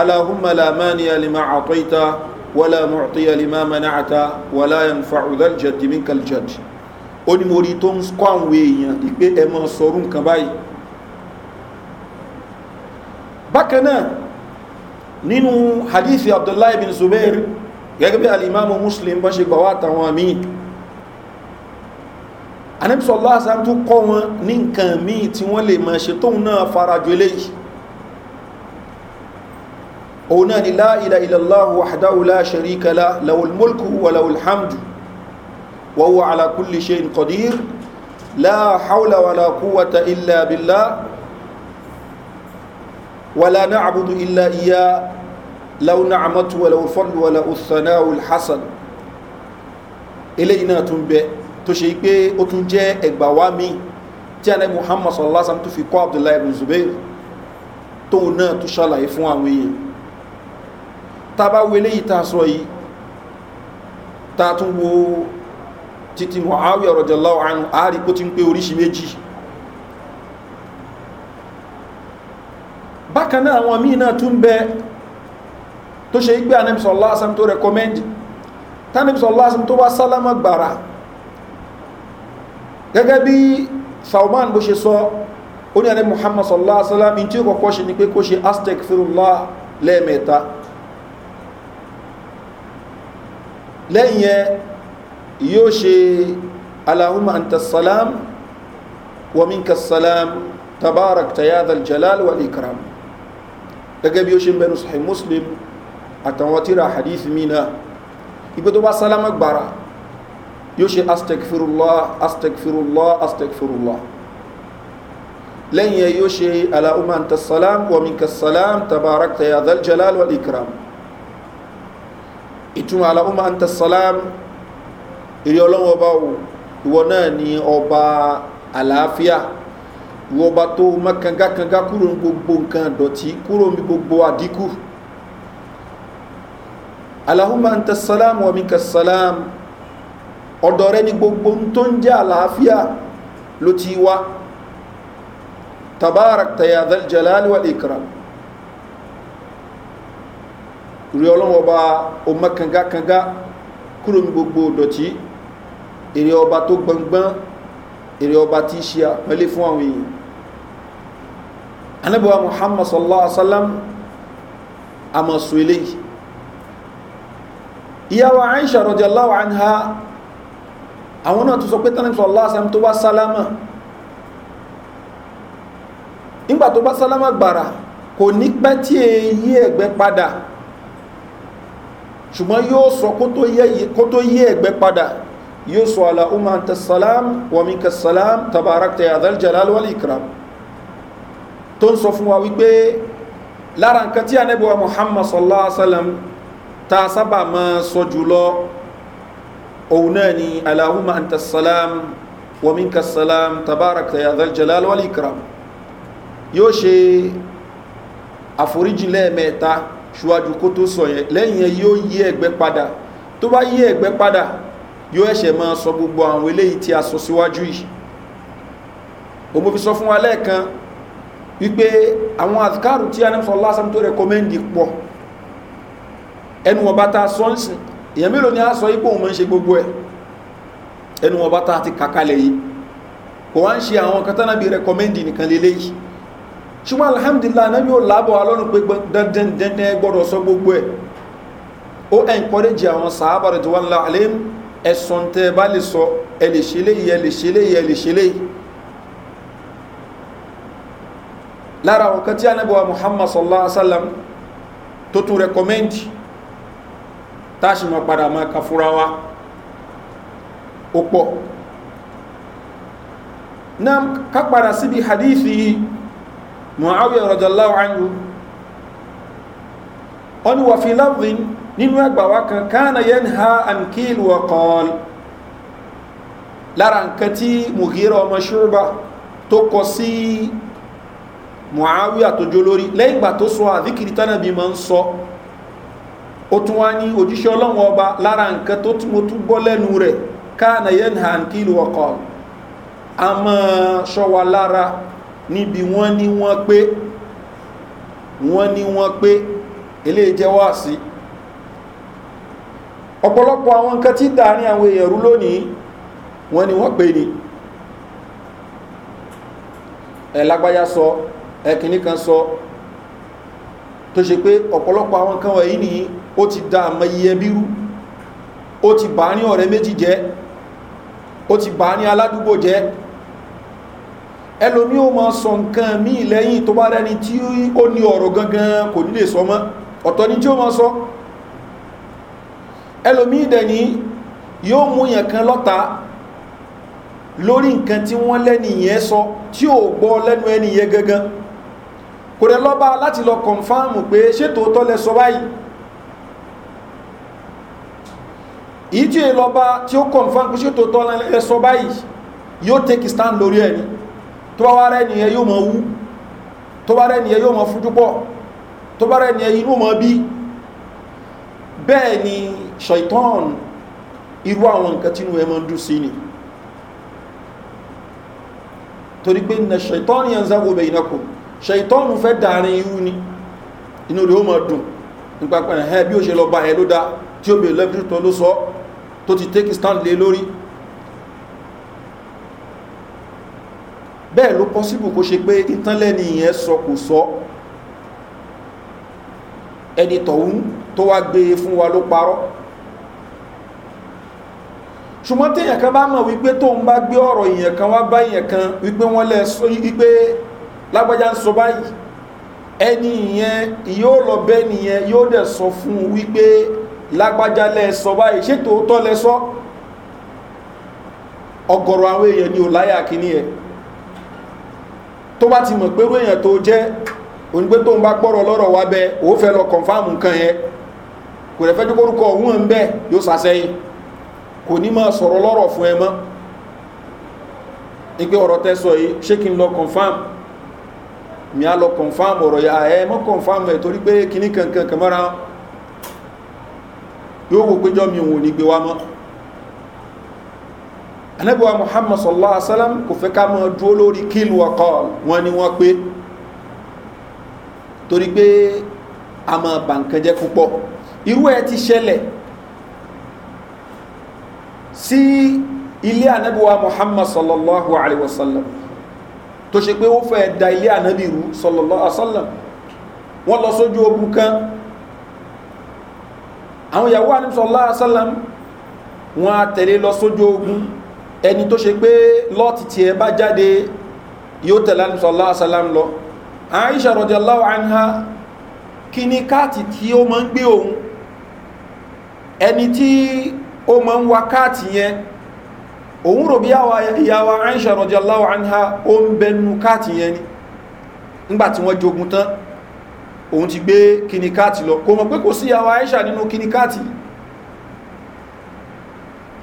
aláhùnmà lámánìyà lè máa àtọ́ìta wàlá mọ̀ọ̀tọ́yà ó ní mo rí tó ń kọ́ àwọn èèyàn ìpé ẹ mọ́ sọrú nǹkan báyìí bákan náà nínú hadithi abdullahi bin zubair gẹ́gẹ́ bí alimamu muslim bá ṣe gbà wá àtàwọn àmì anibisọ̀lá asán tó kọ́ wọn ní nǹkan míì tí wọ́n lè mọ̀ ṣe tóun náà farajọ eléyìí òun náà ni láìlà ìlàláwọ̀ àdáwò láṣẹ̀ríkà láwọ̀lmọ́lùkù wà láwọ̀lhámdù وهو على كل شيء قدير لا حول ولا قوة إلا بالله ولا نعبد إلا إياه لو نعمت ولو الفضل ولا الثناء الحسن إلينا تنبئ تشيكي أتنجي إقباوامي تيانا محمد صلى الله عليه وسلم تفيقوا عبد الله بن زبير tóun náà tó ṣàlàyé fún àwọn èèyàn títí muawiya rọ̀jọ̀láwọ̀ àrùn àárí kó ti ń pé oríṣi méjì bákan náà àwọn míì náà tún bẹ tó ṣe igbé anẹ́bìsọ̀ lásán tó rẹkọmẹ́ndì tánẹ́bìsọ̀ lásán tó wá sálámà gbàrà gẹ́gẹ́ bí salman bó ṣe sọ ó ní muhammad sallallahu in tí ó kọ̀kọ́ ṣe ni pé kó ṣe aztec firullah lẹ́ẹ̀mẹ́ta lẹ́yìn yóò ṣe aláhùnmá antasalam wàmínkasalam tabarak tayadal jalal wal ikram gẹ́gẹ́ bí ó ṣe ń bẹnu sahih muslim àtàwọn tíra hadith mina ibi tó bá sálámà gbára yóò ṣe astagfirullah astagfirullah astagfirullah lẹ́yìn ẹ yóò ṣe aláhùnmá antasalam wàmínkasalam tabarak tayadal jalal wal ikram ìtumọ̀ aláhùnmá antasalam èrè ọlọ́wọ́ ọba o ìwọ náà ni ọba àlàáfíà ìwọ ọba tó mọ́kangakanga kúrò ní gbogbo nǹkan dọ̀tí kúrò ní gbogbo àdínkù alahuma anta salam wa minka salam ọ̀dọ̀ rẹ ni gbogbo tó ń jẹ́ àlàáfíà ló ti wá tabarak tayadal jalali wal ikram rí ọlọ́wọ́ ọba o mọ́kangakanga kúrò ní gbogbo dọ̀tí èrè ọba tó gbọngbọ́n èrè ọba tí í ṣe àpẹẹlé fún àwọn èèyàn anábíwá muhammad sallallahu alaihi wasallam àmọ̀sù eléyìí ìyàwó àìṣà rọ̀jọ̀láwà àníhá àwọn náà tó sọ pé tánàbí sallallahu alaihi wasallam tó bá sálámà nígbà tó bá sálámà gbàrà kò ní pẹ́ tí èyí ẹ̀gbẹ́ padà ṣùgbọ́n yóò sọ kó tó yí ẹ̀gbẹ́ padà يسوى على أم أنت السلام ومنك السلام تباركت يا ذا الجلال والإكرام تنصف ويبي lára nǹkan tí anẹ́bọ̀wà muhammad sallallahu alaihi wasallam ta sábà ma sọ jùlọ òun náà ni aláhùmá àǹtà salam wàmínkà salam tabarak tayadal jalal wal ikram yóò ṣe àforíjì lẹ́ẹ̀mẹ́ta ṣíwájú kó tó sọ yẹn lẹ́yìn yóò yí ẹgbẹ́ padà tó bá yí ẹgbẹ́ padà yóò ẹ̀ṣẹ̀ máa sọ gbogbo àwọn eléyìí tí a sọ síwájú yìí o mo fi sọ fún wa lẹ́ẹ̀kan wípé àwọn àtikáàrù tí a ní sọ lásán tó rẹkọmẹ́ndì pọ̀ ẹnu ọba ta sọ́nsì èyàn mélòó ni a sọ ipò òun mọ́ ń ṣe gbogbo ẹ̀ ẹnu ọba ta ti kàkalẹ̀ yìí kò wá ń ṣe àwọn katana bí rẹkọmẹ́ndì nìkan lélẹ́ yìí ṣùgbọ́n alhamdulillah náà yóò lábọ̀ alọ́run pé dandan dandan gbọ́dọ̀ sọ gbogbo ẹ̀ ó encourage àwọn sàábà rẹ̀ tó wà àlẹ́ ẹ̀sùn tẹ́ ẹ bá lè sọ ẹ lè ṣe léyìí ẹ lè ṣe léyìí ẹ lè ṣe léyìí lára àwọn kan tí anábọ̀wá muhammad sallallahu alaihi wa sallam tó tún rẹkọmẹ́ndì táṣì nínú ẹgbàwá kan kánà yẹn ha ankil wakọl lára nǹkan tí muhira ọmọ ṣúrùbà tó kọ sí muawiya tó jó lórí lẹ́yìn ìgbà tó sọ àdíkìrì tánàbí ma ń sọ ó tún wá ní òjíṣẹ́ ọlọ́run ọba lára nǹkan tó tún mo tún bọ́ lẹ́nu rẹ̀ káàna yẹn hà ń kí ìlú ọkọ̀ a máa ṣọwa lára níbi wọ́n ní wọ́n pé wọ́n ní wọ́n pé eléyìí wá sí i ọ̀pọ̀lọpọ̀ àwọn nǹkan tí dàárín àwọn èèyàn rú lónìí wọ́n ni wọ́n pè ní ẹ̀ lágbáyá sọ ẹ̀kìní kan sọ tó ṣe pé ọ̀pọ̀lọpọ̀ àwọn nǹkan wọ̀nyí ni ó ti da àmọ́ iye bírú ó ti bá ní ọ̀rẹ́ méjì jẹ́ ó ti bá ní aládùúgbò jẹ́ ẹlòmí ó máa sọ nǹkan míì lẹ́yìn tó bá rẹni tí ó ní ọ̀rọ̀ gangan kò nílè sọ mọ́ ọ̀tọ́ ni tí ó máa sọ so ẹlòmí ìdẹ̀ ní yóò mú yàn kan lọ́ta lórí nǹkan tí wọ́n lẹ́ni yẹn sọ tí ò gbọ́ lẹ́nu ẹni yẹn gangan kò rẹ lọ́ba láti lọ kọ̀nfáàmù pé ṣètò tọ́lẹ sọ báyìí èyí tí tí ó kọ̀nfáàmù ṣètò tọ́lẹ sọ báyìí yóò take stand lórí ẹni tó bá wá rẹ nìyẹn yóò mọ wú tó bá rẹ nìyẹn yóò mọ fúdúpọ̀ tó bá rẹ nìyẹn inú mọ bí bẹ́ẹ̀ ni ṣaitan irú àwọn nǹkan tínú ẹ mọ́ ń dùn sí ni torí pé na ṣaitan yẹn záwọ́ bẹ̀ ìnákùn ṣaitan fẹ́ dàárín irú ni inú rẹ̀ ó mọ̀ dùn nípa pẹ̀lú ẹ̀ bí ó ṣe lọ bá ẹ ló dá tí ó bèèrè lẹ́bí tó ló sọ tó ti take stand lé lórí bẹ́ẹ̀ ló pọ́síbù kó ṣe pé ìtànlẹ́ni ìyẹn sọ kò sọ ẹni tọ̀hún tó wá gbé e fún wa ló parọ́ ṣùgbọ́n tí èèyàn kan bá mọ̀ wípé tó ń bá gbé ọ̀rọ̀ èèyàn kan wá bá èèyàn kan wípé wọ́n lẹ́ sọ wípé lágbájá ń sọ báyìí ẹni ìyẹn yóò lọ bẹ́ nìyẹn yóò dẹ̀ sọ fún wípé lágbájá lẹ́ sọ báyìí ṣé tòótọ́ lẹ sọ ọgọ̀rọ̀ ni ò láyà kíní tó bá ti mọ̀ pé tó jẹ́ onígbé tó ń bá lọ́rọ̀ òun fẹ́ lọ kọ̀ǹfàmù nǹkan yẹn kò rẹ̀ fẹ́ òun ń kò ní máa sọ̀rọ̀ lọ́rọ̀ fún ẹ mọ́ ìpé ọ̀rọ̀ tẹ́sọ yìí ṣé kí n lọ confam mi a lọ confam ọ̀rọ̀ yà ẹ confam ẹ̀ torí pé kìíní kankan kàmọ́ra yóò wò péjọ́ mi òun ní gbé mọ́ anábíwá muhammad sallallahu alaihi wasallam kò fẹ́ ká mọ́ dúó lórí kíl wọ́kọ́ wọn ni wọ́n sí ilé ànábíwá muhammad sallallahu alaihi wasallam tó ṣe pé ó fẹ́ da ilé ànábí rú sallallahu alaihi wasallam wọ́n lọ sójú ogun kan àwọn ìyàwó ànábí sallallahu alaihi wasallam wọ́n a tẹ̀lé lọ sójú ogun ẹni tó ṣe pé lọ́ọ̀tì tí ẹ bá jáde yóò tẹ̀lé ànábí sallallahu alaihi wasallam lọ aisha radiyallahu anha kí ni káàtì tí ó máa ń gbé òun ẹni tí ó mọ́ ń wa káàtì yẹn òun rò bí ìyàwó àìṣà alawọ àìhà ó ń bẹnu káàtì yẹn ni nígbà tí wọ́n jogun tán òun ti gbé kíní káàtì lọ kò mọ̀ pé kò sí ìyàwó àìṣà nínú kíní káàtì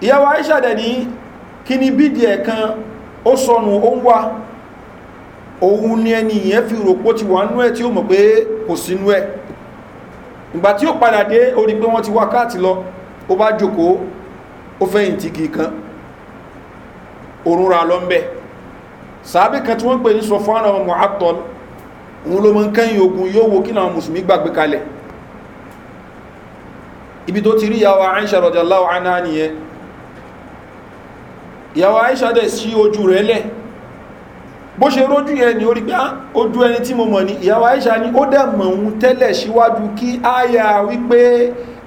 ìyàwó àìṣà dẹ̀ ní kíní bídìí ẹ̀ kan ó sọnù ó ń wá òun ni ẹni ìyẹn fi rò ti ti ó bá jòkó ó fẹ́yìntì kì í kan orúnra lọ́mbẹ̀ sàábì kan tí wọ́n pè ní sọ fún àwọn ọmọ àtọ́lù òun ló mọ́ ń kẹ́yìn ogun yóò wo kí náà musulmi gbàgbé kalẹ̀ ibi tó ti rí yàwó àìṣà rọ̀dẹ̀láwọ̀ aná nìyẹn yàwó àìṣà dẹ̀ sí ojú rẹ̀ lẹ̀ bó ṣe rójú yẹn ni ó rí pé ah, ojú ẹni tí mo mọ̀ ni ìyàwó àìṣà ni ó dẹ̀ mọ̀ ń tẹ́lẹ̀ síwájú kí áyà wípé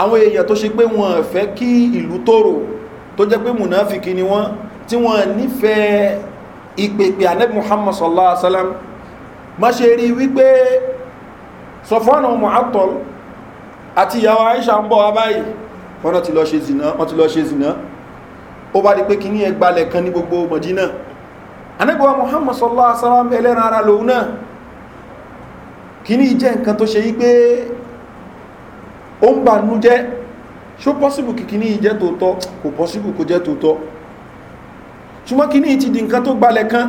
àwọn èèyàn tó ṣe pé wọn fẹ́ kí ìlú tòrò tó jẹ́ pé mùnáfìkì ni wọ́n tí wọ́n nífẹ̀ẹ́ ìpèpè anẹ́bí muhammad sallallahu alaihi wasallam ma ṣe rí wípé sọfọ́nà muhammad àti ìyàwó aisha ń bọ̀ wá báyìí wọ́n ti lọ ṣe zìnà wọ́n ti lọ ṣe zìnà ó bá di pé kí ní ẹgbàlẹ̀ kan ní gbogbo mọ̀dínà anẹ́gbọ́wà muhammad sallallahu alaihi wasallam ẹlẹ́ran ara lòun náà kí ní jẹ́ nǹkan tó ṣe yí pé ó ń banú jẹ́ ṣó pọ́síbù kìkíní yìí jẹ́ tòótọ́ kò pọ́síbù kò jẹ́ tòótọ́ ṣùgbọ́n kìíní ti di nǹkan tó gbalẹ̀ kan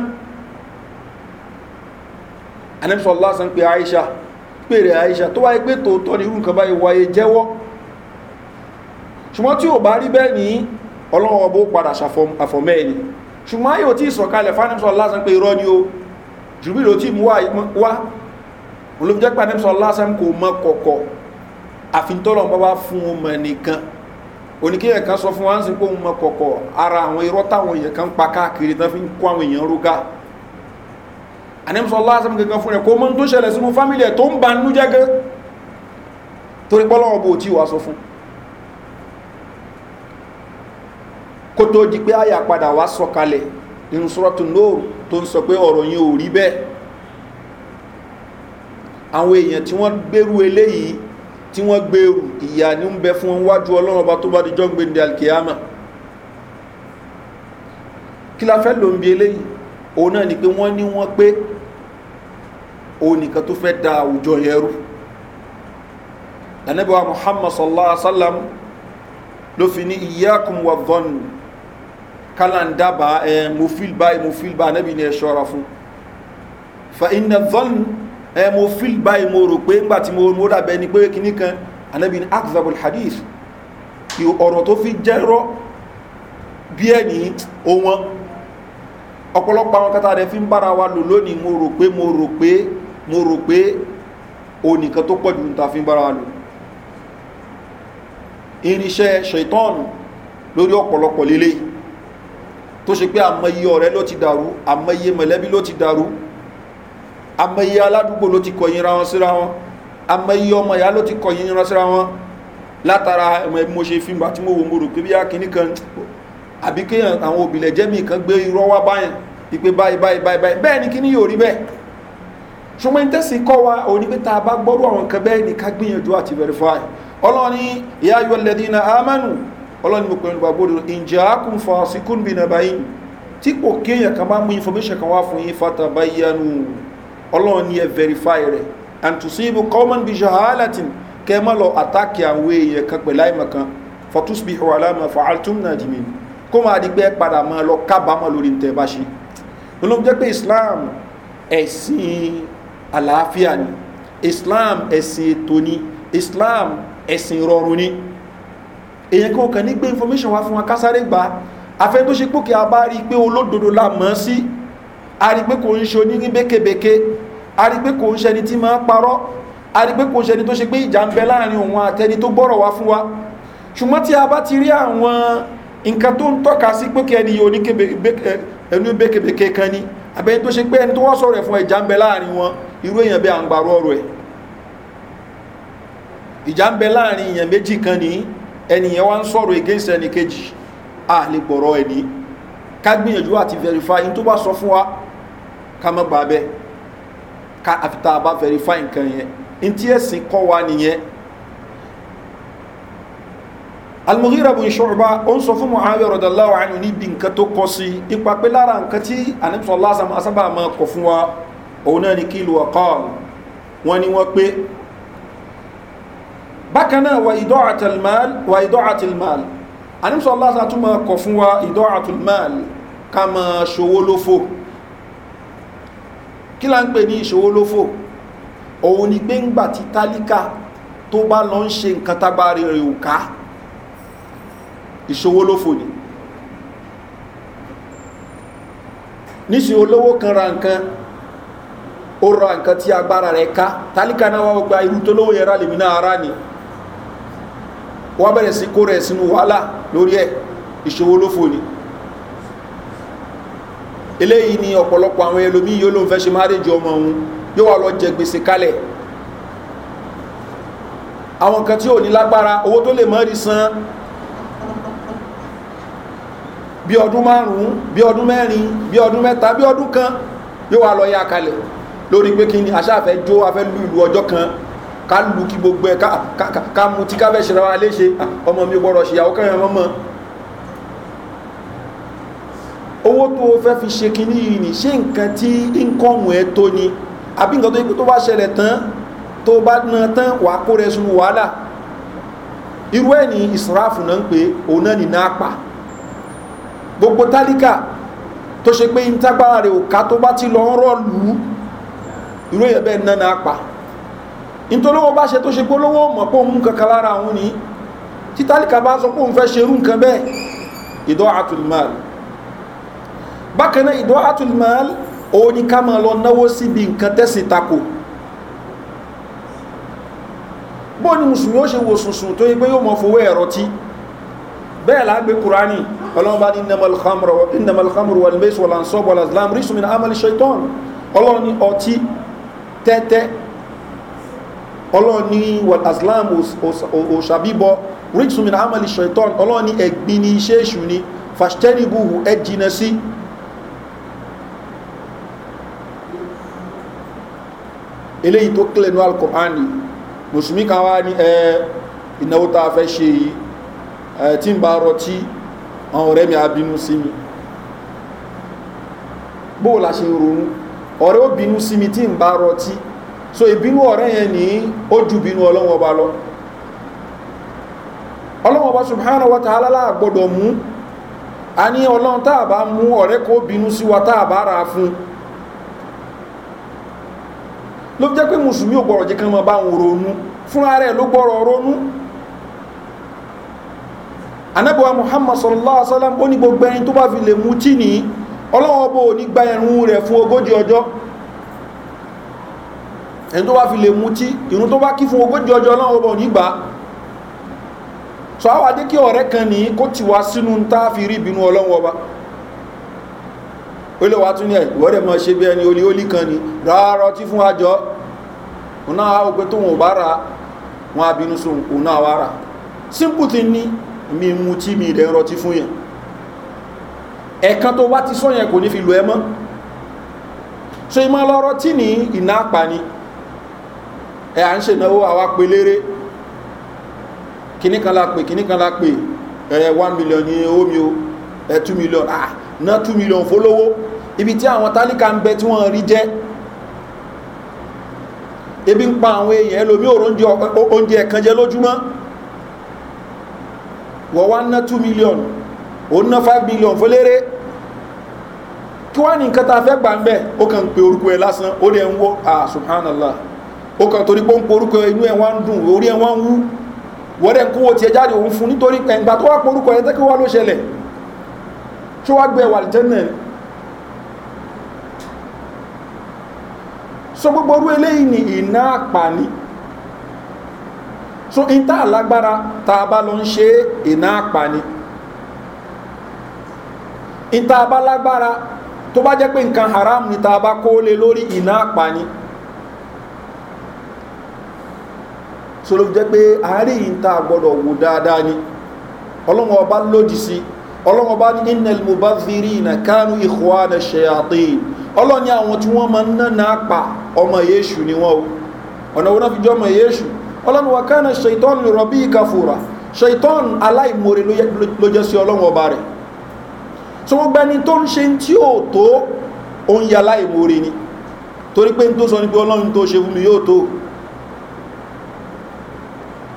anẹ́bísọ̀ lásán pé aisha pèrè aisha tó wáyé pé tòótọ́ ní irú nǹkan báyìí wáyé jẹ́wọ́ ṣùgbọ́n tí ò bá rí bẹ́ẹ̀ ní ọlọ́wọ́ bó padà ṣàfọ̀mẹ́ ẹni ṣùgbọ́n ayò tí ìsọ̀kalẹ̀ fánẹ́bísọ̀ o jùbí ló tí mú wá olóòjẹ́pẹ́ anẹ́bísọ̀ lásán kò mọ àfintọ́lọ̀ bá wá fún ọmọ nìkan oníkéyàn kan sọ fún wa ń pé òun mọ kọ̀kọ̀ ara àwọn irọ́ táwọn èèyàn kan pa káàkiri tán fi ń kó àwọn èèyàn rúgá ànímsọ lásán gangan fún rẹ̀ kó mọ́ tó ṣẹlẹ̀ sínú fámílì ẹ̀ tó ń ba nú jẹ́gẹ́ torí pọ́lọ́wọ́ bó tí wà sọ fún kó tó di pé àyà padà wá sọ kalẹ̀ nínú tó ń sọ pé ọ̀rọ̀ yẹn ò rí bẹ́ẹ̀ àwọn èèyàn tí wọ́n gbérú eléyìí tí wọ́n gbèrú ìyà ní ń bẹ fún wọn wájú ọlọ́run ọba tó bá di jọ́gbé ní alkiyama kí la fẹ́ ló ń bi eléyìí òun náà ni pé wọ́n ní wọ́n pé òun nìkan tó fẹ́ da àwùjọ yẹn rú muhammad sallallahu alaihi wa ló fi ní ìyáàkùn wà vọ́nù kálàndàbà ẹ̀ mofil báyìí mofil báyìí anabi ni ẹ̀ ṣọ́ra fún fa iná vọ́nù ẹ mo feel báyìí mo rò pé ńgbà tí mo mo dàbẹ ni pé kan anabi akzabul hadith ọ̀rọ̀ tó fi jẹ́rọ bí ẹni ohun ọ̀pọ̀lọpọ̀ àwọn kátà rẹ̀ fi ń bára wa lò lónìí mo rò pé mo rò pé mo rò pé o tó pọ̀ jù ta fi ń bára wa lò irinṣẹ́ ṣetán lórí ọ̀pọ̀lọpọ̀ lélẹ̀ tó ṣe pé ọ̀rẹ́ ló ti dàrú àmọye mọ̀lẹ́bí ló ti dàrú amẹ́yẹ aládùúgbò ló ti kọ̀yìn ra wọn síra wọn amẹ́yẹ ọmọ ìyá ló ti kọ̀yìn ra síra wọn látara mo ṣe fi gbà tí mo wò mo rò pé bí akíní kan àbí kéèyàn àwọn òbílẹ̀ jẹ́mi kan gbé irọ́ wá báyìí ìpè báyìí báyìí báyìí bẹ́ẹ̀ ni kíní yóò rí bẹ́ẹ̀ ṣùgbọ́n ní tẹ́sí kọ́ wa òní pé tá bá gbọ́rú àwọn nǹkan bẹ́ẹ̀ ni ká gbìyànjú àti verify ọlọ́ni ìyá ayọ́ lẹ́dínà amánu ọlọ́ni mo pẹ̀lú gbàgbọ́dọ̀ ìjà ákùn fa síkún bí nàbáyìn tí kò kéèyàn kan bá mú information kan wá fún yín fata ọlọ́run ni ẹ verify rẹ̀ and to see ibu common bi jahalatin kẹ́ mọ́ lọ àtàkì àwọn èèyàn kan pẹ̀lú àìmọ̀ kan fọtúsbí ọ̀rọ̀ aláàmọ̀ fàáltùm náà dì mí kó máa di pé ẹ padà máa lọ kábàámọ̀ lórí ntẹ̀ bá ṣe ló jẹ́ pé islam ẹ̀sìn àlàáfíà ni islam ẹ̀sìn ètò ni islam ẹ̀sìn rọrùn ni èèyàn kan kàn ní gbé information wá fún wa kásáré gba afẹ́ tó ṣe pókè abá rí i pé olódodo la mọ̀ ọ́ sí. Si àrígbé kò ń ṣe onírin békebèke àrígbé kò ń ṣe ẹni tí máa parọ́ àrígbé kò ń ṣe ẹni tó ṣe pé ìjà ń bẹ láàrin òun àtẹni tó gbọ́rọ̀ wá fún wa ṣùgbọ́n tí a bá ti rí àwọn nǹkan tó ń tọ́ka sí pé kẹni e, ẹni békebèke kan ni àbẹ́ni tó ṣe pé ẹni tó wá sọ̀rọ̀ fún ìjà ń bẹ láàrin wọn irú èèyàn bẹ́ à ọ̀rọ̀ ẹ̀ ìjà ń bẹ láàrin èèyàn méjì kan ní ẹnìyàn wá ń sọ̀rọ̀ against ẹnì kejì a gbọ̀rọ̀ ẹni ká gbìyànjú àti verify in tó bá sọ fún wa ká mọ́ gba abẹ́ ká àfitá bá fẹ́rifá nǹkan yẹn ní tí ẹ̀sìn kọ́ wa nìyẹn almuhira bin ṣọ́ọ̀bá ó ń sọ fún muhammed rọ̀dọ̀láwà ánú níbi nǹkan tó kọ sí ipa pé lára nǹkan tí anamsọ lásán asábà máa kọ fún wa òun náà ni kí ìlú ọ̀kọ́ọ̀l wọn ni wọ́n pé bákan náà wà ìdọ́ àtìlmáàl anamsọ lásán tún máa kọ fún wa ìdọ́ àtìlmáàl ká máa kí la ń pè ní ìṣòwò lófò òun ni pé ńgbà tí tálíkà tó bá lọ ń ṣe nǹkan tágbárí rẹ̀ ò ká ìṣòwò lófò ni níṣì olówó kan ra nǹkan ó ra nǹkan tí agbára rẹ̀ ká tálíkà náà wá gba irú tó lówó yẹra lèmi náà ara ni wọ́n bẹ̀rẹ̀ sí kó rẹ̀ sínú wàhálà lórí ẹ̀ ìṣòwò lófò ni eléyìí ni ọ̀pọ̀lọpọ̀ àwọn ẹlòmí yóò ló ń fẹ́ ṣe márèjì ọmọ òun yóò wà lọ jẹ gbèsè kalẹ̀ àwọn kan tí ò ní lágbára owó tó lè mọ́ rí san bí ọdún márùn-ún bí ọdún mẹ́rin bí ọdún mẹ́ta bí ọdún kan yóò wà lọ yá kalẹ̀ lórí pé kí ni àṣàfẹ́ jó afẹ́ lu ìlú ọjọ́ kan ká lu kí gbogbo ẹ ká mutí ká fẹ́ ṣe ra wa léṣe ah, ọmọ mi gbọ́dọ̀ ṣèyàwó kẹrin ọmọ mọ́ owó tó o fẹ́ fi ṣe kinní yìí ni ṣé nǹkan tí ínkọ́ọ̀mù ẹ tó ni àbí nǹkan tó yẹ pé tó bá ṣẹlẹ̀ tán tó bá na tán wà kó rẹ sunu wàhálà irú ẹ̀ ní ìsìráàfù náà ń pè òun náà ní náà pa gbogbo tálíkà tó ṣe pé intagbára rẹ̀ òka tó bá ti lọ ń rọ̀ lù ú irú èyàn bẹ́ẹ̀ náà náà pa nítolówó bá ṣe tó ṣe gbólówó mọ̀ pé òun kankan lára àwọn ní títálíkà bá sọ pé òun fẹ́ ṣerú nǹkan bẹ́ẹ̀ ìdọ́ àtùlùmáàlù bákan náà ìdọ́ àtúlùmọ́lì òun ni ká máa lọ náwó síbi nǹkan tẹ́sìn takò bó ni mùsùlùmí ó ṣe wo sùnsùn tó yí pé yóò mọ fowó ẹ̀rọ tí bẹ́ẹ̀ lágbé kùránì ọlọ́mọba ní ìnàmàlùkhamru wà níbẹ̀ ìṣòwòlà ṣọ́bọ̀ lásìlámù rí sùnmí àmàlì ṣaitán ọlọ́run ní ọtí tẹ́tẹ́ ọlọ́run ní lásìlámù òṣàbíbọ rí sùnmí àmàlì ṣaitán ọlọ́run ní ẹ̀gbin ní iṣẹ́ èṣù ni fàṣtẹ́nìbù ẹ̀ jìnà sí eléyìí tó kílẹ̀ ní alkùnránì mùsùlùmí kan wá ní ẹ ìnáwó tá a fẹ́ ṣe yìí tí ń bá rọtí àwọn ọ̀rẹ́ mi abínú sí mi bóò la ṣe ronú ọ̀rẹ́ ó bínú sí mi tí ń bá rọtí so ìbínú ọ̀rẹ́ yẹn ní ó ju bínú ọlọ́wọ́ ọba lọ ọlọ́wọ́ ọba subhanahu wa ta'ala láàgbọ́dọ̀ mú a ní ọlọ́run táàbá mú ọ̀rẹ́ kó bínú sí wa táàbá ra fún un ló fi jẹ́ pé mùsùlùmí ò gbọ́rọ̀ jẹ́ kán mọ́ bá wọn ronú fúnra rẹ̀ ló gbọ́rọ̀ ronú anábọ̀wá muhammad sallallahu alaihi wasallam ó ní gbogbo ẹni tó bá fi lè mú tí ní ọlọ́wọ́ bó ní gba ẹ̀rùn rẹ̀ fún ogójì ọjọ́ ẹni tó bá fi lè mú tí ìrún tó bá kí fún ogójì ọjọ́ ọlọ́wọ́ ní gbà so àwọn adé kí ọ̀rẹ́ kan ní kó ti wá sínú ta fi rí ìbínú ọlọ́wọ́ olówà tún ní ẹ̀ ìwọ́dẹ̀ mọ́ ṣe bí ẹni olí olí kan ni rárọ tí fún àjọ ọ̀nà àwọ̀gbẹ́ tó wọn bá ra wọn àbínú sún ọ̀nà àwárà simple ti ní mi mú tí mi rẹ̀ rọtí fún yẹn ẹ̀kan tó wá ti sọ kò ní fi lò ẹ mọ́ so ìmọ̀ lọ́rọ̀ tí ní ìná àpàní ẹ̀ à ń ṣe náwó àwa pé léré kìníkan la pè la pè ẹ̀ 1 million ní omi o ẹ̀ 2 million ah ná 2 million fólówó ibi tí àwọn tálíkà ń bẹ tí wọ́n rí jẹ́ ebi ń pa àwọn èèyàn ẹlòmí oúnjẹ ẹ̀kan jẹ lójúmọ́ wọ́n wá ná 2 million ó ná 5 million fóléré kí wá ní nǹkan ta fẹ́ gbà ń bẹ́ ó kàn ń orúkọ ẹ lásán ó rẹ̀ ń wó ah subhanallah ó kàn torí pé ó ń pe orúkọ inú ẹ̀ wá ń dùn orí ẹ̀ wá ń wú wọ́n rẹ̀ ń kówó tiẹ̀ jáde òun fún nítorí ẹ̀ǹgbà tó wá pe orúkọ ẹ̀ tẹ́kí wá ló ṣẹlẹ̀ tí wọ́n gbé wà lìjẹ́nà so gbogbo orú eléyìí ni iná àpàní so ìta alágbára tá a bá lọ ń ṣe iná àpàní ìta abálágbára tó bá jẹ́ pé nǹkan haram ni ta bá kó lé lórí iná àpàní so ló jẹ́ pé àárí ìta gbọ́dọ̀ wù dáadáa ni ọlọ́run ọba lòdì sí i ọlọ́wọ́n bá ní inel mubaziri na kánú ìhùwà na ṣeyàtì ọlọ́ni àwọn tí wọ́n máa ń ná náà pa ọmọ yéṣù ni wọ́n o ọ̀nà wọn fi jọ ọmọ yéṣù ọlọ́ni wà kánà ṣèitán lè rọ̀bí ìkàfùrà ṣèitán aláìmoore ló jẹ́ sí ọlọ́wọ́n ọba rẹ̀ tí wọ́n gbẹ́ni tó ń ṣe tí ò tó òun yà aláìmoore ni torí pé n tó sọ ni pé ọlọ́run tó ṣe fún mi yóò tó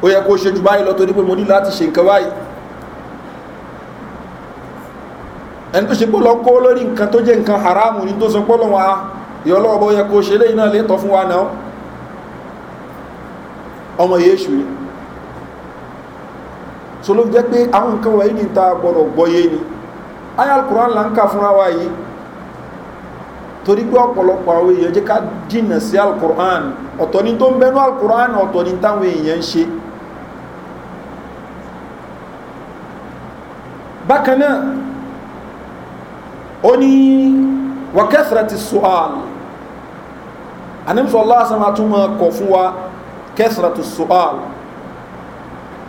ó yẹ kó ṣe jù báyìí lọ torí pé mo ní láti ṣe nǹkan báyìí ẹni tó ṣe pọ́ lọ kó lórí nǹkan tó jẹ́ nǹkan haramu ní tó sọ pọ́ lọ́wọ́ ìyọlọ́ọ̀bọ̀ yẹ kó ṣe léyìn náà létọ́ fún wa náà ọmọ yéṣù yìí so ló jẹ́ pé àwọn nǹkan wọ̀nyí ní ta gbọ́dọ̀ gbọ́yé ni ayalkura ńlá ń kà fúnra wa yìí torí pé ọ̀pọ̀lọpọ̀ àwọn èèyàn jẹ́ ká jìnà sí alkùrán ọ̀tọ̀ ni tó ń bẹnu alkùrán ó ní wàkẹ́sìrẹ́ ti sọ́àl anamsọ̀ lásán àtúmọ̀ kọ̀ fún wa kẹ́sìrẹ́ ti sọ́àl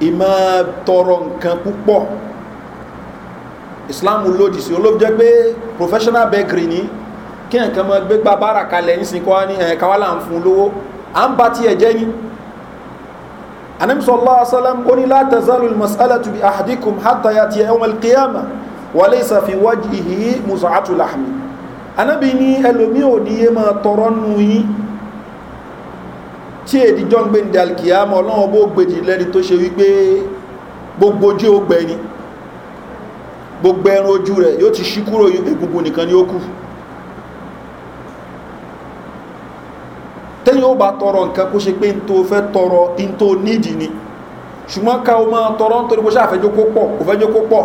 ìmọ̀ tọrọ nǹkan púpọ̀ islam lòdì sí olóòfin jẹ́ pé professional bakery ni kí nǹkan mọ́ gbégbá bára kalẹ̀ ní sinkọ́ ní ẹ̀kawálà ń fún lówó à ń bá tí ẹ̀jẹ́ ní anamsọ̀ lásán ó ní masalatu bi ahadikum hatta ya kiyama wọlé ìsàfi wájú ìhì musa atulahmi anábì ní ẹlòmí ò ní yé máa tọrọ nù yín tí èdìjọ́ ń gbé ní alkiyama ọlọ́run bó gbèdì lẹ́ni tó ṣe wípé gbogbo ojú ó gbẹni gbogbo ẹran ojú rẹ̀ yóò ti ṣí egungun nìkan ni ó kù tẹ́yìn ó bá tọrọ nǹkan kó ṣe pé n tó fẹ́ tọrọ n tó nídìí ni ṣùgbọ́n ká o máa tọrọ nítorí kó ṣàfẹ́jọ́ kó pọ̀ kò fẹ́jọ́ kó pọ̀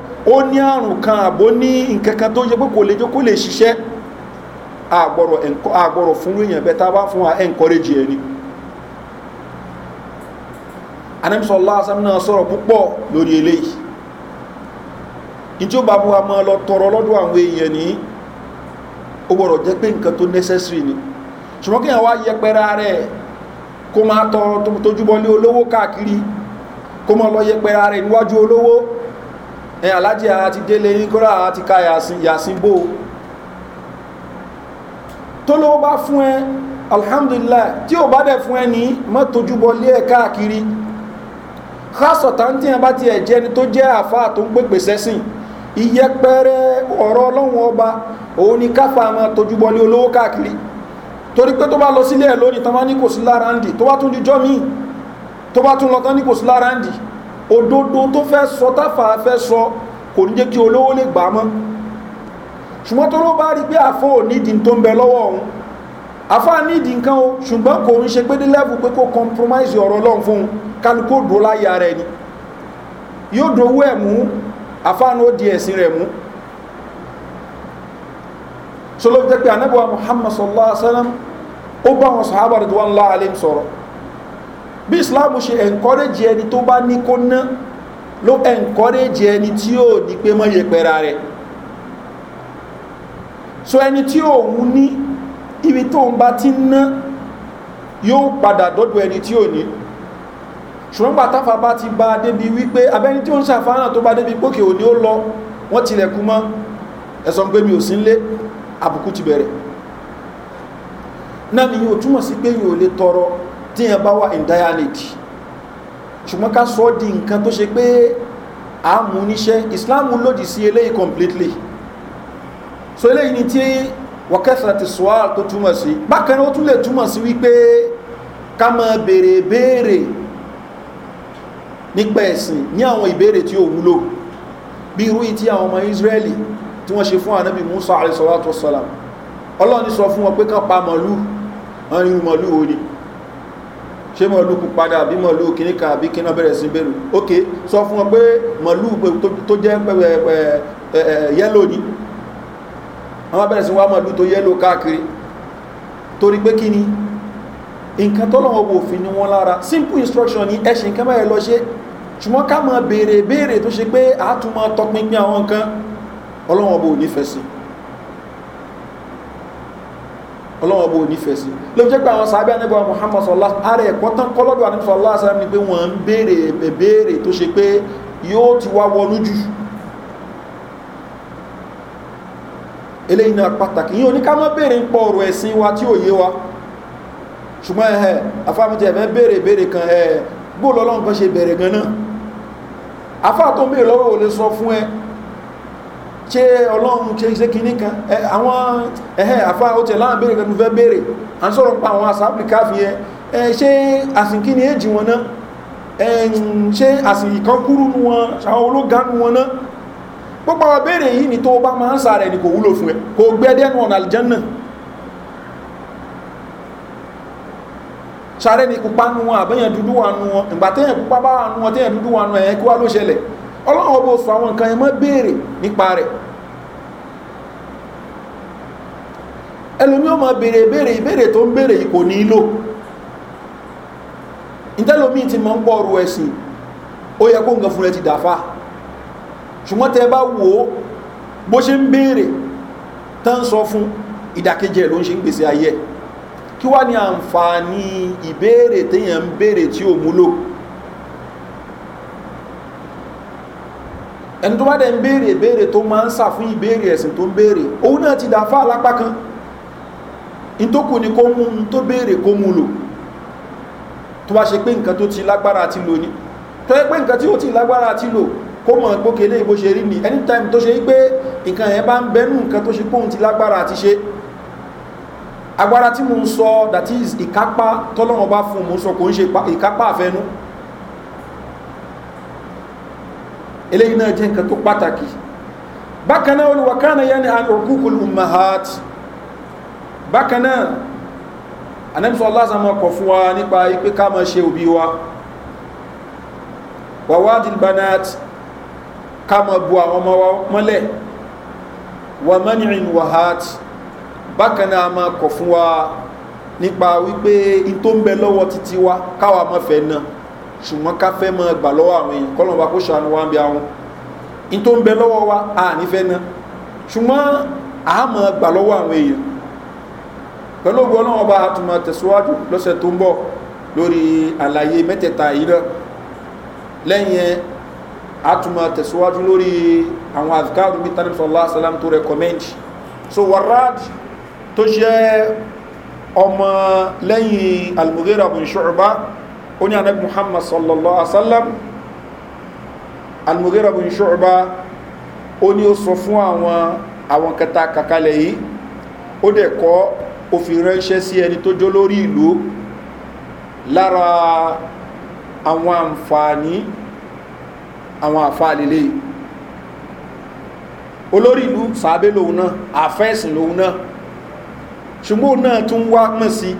ó ní àrùn kan àbó ní nǹkan kan tó yẹ pé kò lè jó kó lè ṣiṣẹ́ àgbọ̀rọ̀ fún èèyàn bẹ́ẹ̀ tá a bá fún wa encourage ẹni anamsọ́lá asámínà sọ̀rọ̀ púpọ̀ lórí eléyìí ìjọba bó wa máa lọ tọrọ lọ́dọ̀ àwọn èèyàn ní ó gbọ́dọ̀ jẹ́ pé nǹkan tó necessary ni ṣùgbọ́n kí àwọn wá yẹpẹra rẹ̀ kó máa tọrọ tójúbọlé olówó káàkiri kó máa lọ yẹpẹra rẹ̀ níwájú olówó ẹ alájí a ti délé yín kọ́ra a ti ka yàsín bò tó ló bá fún ẹ alhamdulillah tí ò bá dẹ̀ fún ẹ ní mọ́tojúbọ lé ẹ káàkiri kásọ̀tà ń tíyàn bá ti ẹ̀ jẹ́ ni tó jẹ́ àfáà tó ń pèpè sẹ́sìn ìyẹpẹrẹ ọ̀rọ̀ ọlọ́run ọba òun ni káfà máa tojúbọ lé olówó káàkiri torí pé tó bá lọ sílé ẹ̀ lónìí tán bá ní kò sí lára ń dì tó bá tún di jọ́ míì tó bá tún lọ tán ní kò sí lára òdodo tó fẹ́ sọ táfà fẹ́ sọ kò ní jẹ́ kí olówó lè gbà mọ́ ṣùgbọ́n tó ló bá rí pé àfọ́ ò nídìí tó ń bẹ lọ́wọ́ òun àfọ́ nídìí nǹkan o ṣùgbọ́n kò ń ṣe pé dé lẹ́bù pé kó compromise ọ̀rọ̀ ọlọ́run fún un kálukó dò láyé ara ẹni yóò dowó ẹ̀ mú àfọ́ àná ó di ẹ̀sìn rẹ̀ mú sọlọ́pẹ́ pé anábọ̀ muhammad sallallahu alaihi wa sallam ó bá wọn sọ̀hábà rẹ̀ tó wọn láàlẹ́ sọ̀rọ̀ bí islam ṣe encourage ẹni tó bá ní kó ná ló encourage ẹni tí ó ní pé mọ́ yẹpẹra rẹ̀ so ẹni tí òun ní ibi tó ń bá ti ná yóò padà dọ́dọ̀ ẹni tí ò ní ṣùgbọ́n gbàtàfà bá ti bá débi wípé abẹ́ni tí ó ń ṣàfáàràn tó bá débi pókè òní ó lọ wọ́n tilẹ̀kú mọ́ ẹ̀sọ́ pé mi ò sí nlé àbùkù ti bẹ̀rẹ̀ náà ni yóò túmọ̀ sí pé yóò lè tọrọ tí yẹn bá wà in dire need ṣùgbọ́n ká sọ di nǹkan tó ṣe pé a mú níṣẹ́ islam lòdì sí eléyìí completely so eléyìí ni tí wọ́kẹ́sà ti sọ tó túmọ̀ sí bákan náà ó tún lè túmọ̀ sí wípé ká mọ béèrè béèrè nípa ẹ̀sìn ní àwọn ìbéèrè tí ó wúlò bí irú ìtí àwọn ọmọ israeli tí wọ́n ṣe fún ànábì musa àrísọ́wọ́tọ̀ sọ́lá ọlọ́ni sọ fún wọn pé kán pa màlúù wọn ni màlúù ò ṣé mọ̀lú pupadà àbí mọ̀lú kìníkà àbí kíná bẹ̀rẹ̀ sí bẹ̀rù ok sọ fún ọ pé mọ̀lú tó jẹ́ yẹ́lò ní wọ́n bẹ̀rẹ̀ sí wá mọ̀lú tó yẹ́lò káàkiri torí pé kí ni nǹkan tọ́lọ̀wọ́ òfin ni wọ́n lára simple instruction ni ẹ̀ṣì nǹkan mẹ́rẹ̀ lọ ṣe ṣùgbọ́n ká mọ̀ béèrè béèrè tó ṣe pé àtúmọ̀ tọpinpin àwọn nǹkan ọlọ́wọ́n bò nífẹ̀ẹ́ sí i ọlọ́wọ́ bó nífẹ̀ẹ́ sí ló jẹ́ pé àwọn sàábẹ́ anábẹ́wà muhammad sọlá ààrẹ ẹ̀kọ́ tán kọ́lọ́dọ̀ anábẹ́wà sọlá sàrẹ́ ni pé wọ́n ń béèrè ẹ̀bẹ̀ béèrè tó ṣe pé yóò ti wá wọnú jù eléyìí náà pàtàkì yíò ní ká mọ́ béèrè ń pọ̀ ọ̀rọ̀ ẹ̀sìn wa tí ò yé wa ṣùgbọ́n ẹ̀ afámijẹ́ ẹ̀fẹ́ béèrè béèrè kan ẹ̀ gbóòlọ́lọ́ ṣe ọlọ́run ṣe ṣe kìíní kan àwọn ẹ̀hẹ́ àfá ó tẹ̀ bèèrè kẹtù fẹ́ bèèrè ń sọ́rọ̀ pa àwọn àsáàpì káfí ẹ ṣe àsìnkí èjì wọn ṣe àsìnkí wọn àwọn ológanu wọn náà púpọ̀ bèèrè yìí ni tó bá máa ń sa rẹ̀ kò wúlò fún ẹ kò gbẹ́dẹ́nu ọ̀nà ọlọ́run ọbọ̀ sọ àwọn nǹkan ẹmọ́ béèrè nípa rẹ̀ ẹlòmí ọmọ béèrè béèrè ìbéèrè tó ń béèrè kò ní lò ìtẹ́lòmí ti mọ́ ń pọ̀ ọrù ẹ̀sìn ó yẹ kó nǹkan fún ti dàfà ṣùgbọ́n tẹ bá wò ó bó ṣe ń béèrè tán sọ fún ló ń ṣe ń gbèsè kí wá ní ẹni tó bá dẹ̀ ń béèrè ìbéèrè tó máa ń sà fún ìbéèrè ẹ̀sìn tó ń béèrè òun náà ti dàfà lápá kan ni kó mú un tó béèrè kó mú lò tó bá ṣe pé tó ti lágbára àti lò ní tó yẹ pé nǹkan tí ó ti lágbára àti lò kó mọ̀ gbókèlé ìbò ṣe rí ni anytime tó ṣe pé nǹkan yẹn bá ń bẹnu nǹkan tó ṣe pé òun ti lágbára àti ṣe tí mo ń sọ that is ìkápá tọ́lọ́wọ́n fún mo ń sọ kò ń ṣe ìkápá àfẹnú eléyìí náà jẹ́ nǹkan tó pàtàkì bákan náà olùwàkánà yẹn ni àrùkúkúlù mahat bákan náà anẹ́bísọ̀ aláàsàmọ́ ọkọ̀ fún wa nípa ipé ká mọ́ ṣe òbí wa wàwádìí banat ká mọ́ bu àwọn ọmọ wa mọ́lẹ̀ wà mọ́nìrìn wàhát bákan náà mọ́ fún wa nípa wípé in ń bẹ lọ́wọ́ títí wa káwa mọ́fẹ́ náà ṣùgbọ́n ká fẹ́ mọ́ gbà lọ́wọ́ àwọn èèyàn kọ́lọ̀ bá kó ṣàánú wá ń bí àwọn in tó ń bẹ lọ́wọ́ wa a nífẹ́ náà ṣùgbọ́n a mọ́ gbà lọ́wọ́ àwọn èèyàn pẹ̀lú ogun ọlọ́wọ́ bá àtúmọ̀ tẹ̀síwájú lọ́sẹ̀ tó ń bọ̀ lórí àlàyé mẹ́tẹ̀ẹ̀ta yìí náà lẹ́yìn àtúmọ̀ tẹ̀síwájú lórí àwọn àzikáàrù bí tani sọlá sàlám tó rẹkọmẹ́ndì so warad tó jẹ́ ọmọ lẹ́yìn almugera bin ṣọ́ọ̀bá ó ní anabi muhammad sallallahu alaihi wasallam almughira bin shu'ba ó ní ó sọ fún àwọn àwọn kẹta kàkalẹ̀ yìí ó dẹ̀ kọ́ ó fi ránṣẹ́ sí ẹni tó jó lórí ìlú lára àwọn àǹfààní àwọn àfààlélé olórí ìlú sàábé lòun náà àfẹ́ẹ̀sìn lòun náà ṣùgbọ́n náà tún wá mọ̀ sí i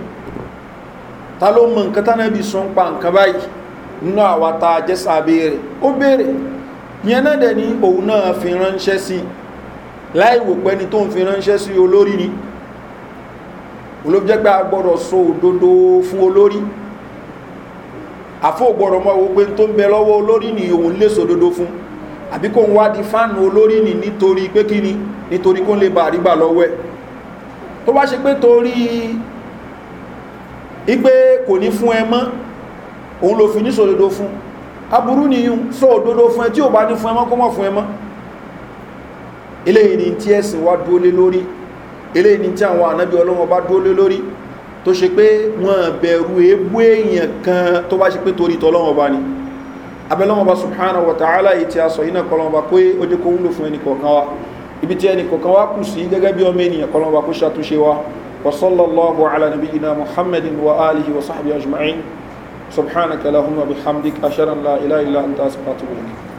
ta ló mọ nǹkan pa nǹkan báyìí nínú àwa ta jẹ́sàbí ó béèrè yẹn náà dẹ̀ ní òun náà fi ránṣẹ́ sí láìwò pẹ́ni tó ń fi ránṣẹ́ sí ni so òdodo fún olórí àfó gbọ́dọ̀ mọ́ gbogbo tó ń bẹ lọ́wọ́ olórí ni òun lè so òdodo fún àbí kò ń di olórí ni nítorí pé ni nítorí kó lè bà lọ́wọ́ ẹ̀ ipé kò ní fún ẹ mọ́ òun ló fi ní sòdodo fún aburú niyún sọ òdodo fún ẹ tí ò bá ní fún ẹ mọ́ kó mọ́ fún ẹ mọ́ eléyìí ni tí ẹ̀sìn wá dúó lé lórí eléyìí ni tí àwọn ànábí ọlọ́wọ́ bá dúó lé lórí tó ṣe pé wọ́n bẹ̀rù ebú èèyàn kan tó bá ṣe pé torí tọ́lọ́wọ́ bá ní wa ta'ala yìí tí a sọ iná kọlọ́wọ́ bá pé ó jẹ́ kó wúlò fún ẹnì وصلى الله على نبينا محمد وآله وصحبه أجمعين سبحانك اللهم بحمدك أشهد أن لا إله إلا أنت أستغفرك